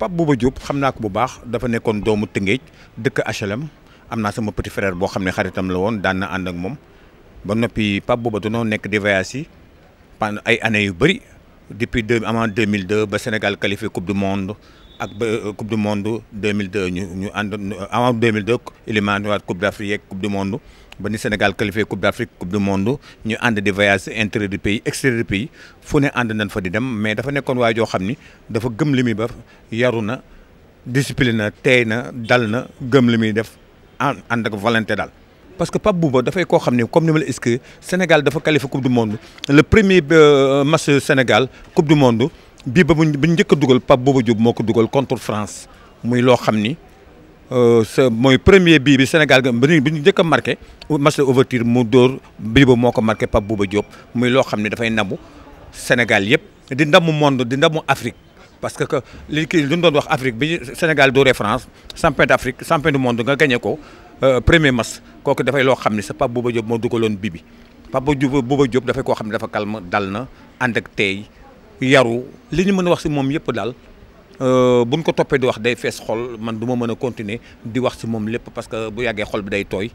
Pape Bouba Diop xam naa ko bu baax dafa nekkoon doomu Tëngéej dëkk HLM am naa sama petit frère boo xam ne xaritam la woon daan na ànd ak moom ba noppi Pape Bouba danoo nekk di voyage yi pendant ay années yu bëri depuis deux mille 2002 ba Sénégal qualifié coupe du monde ak ba euh, coupe du monde 2002 ñu ñu ànd avant 2002 éliminatoire coupe d'Afrique yeeg coupe du monde. ba ni Sénégal qualifié coupe d'Afrique coupe du monde ñu ànd di voyage intérieur du pays extérieur du pays fu ne nañ fa di dem mais dafa nekkoon waaye joo xamni dafa gëm limi muy ba discipline na teey na na gëm limi def and ak volonté dal parce que Pape Bouba dafay koo xam ne comme ni est-ce que Sénégal dafa qualifié coupe du monde le premier euh, match Sénégal coupe du monde bi ba bu njëkk duggal dugal Pape Bouba Diop moo ko contre France muy lo xamni euh, ce mooy premier bii Sénégal bi ñu bi marqué match de ouverture mu dóor bii ba moo ko marqué Pape Bouba Diop muy lo xam da fay nabu Sénégal yépp di ndamu monde di ndamu Afrique parce que li ki lu doon wax Afrique bi Sénégal dóoree France champion d'Afrique champion du monde nga gagné ko euh, premier match kooku da fay lo ne sa Pape Bouba Diop mo dugaloon bii bi Pape Bouba Diop dafay koo xam ne dafa calme dal na ànd ak tay yarou li ñu mën wax ci mom yépp dal euh, buñ ko topé di wax day fess xol man duma mëna continuer di wax ci mom lepp parce que bu yàggee xol bi day toy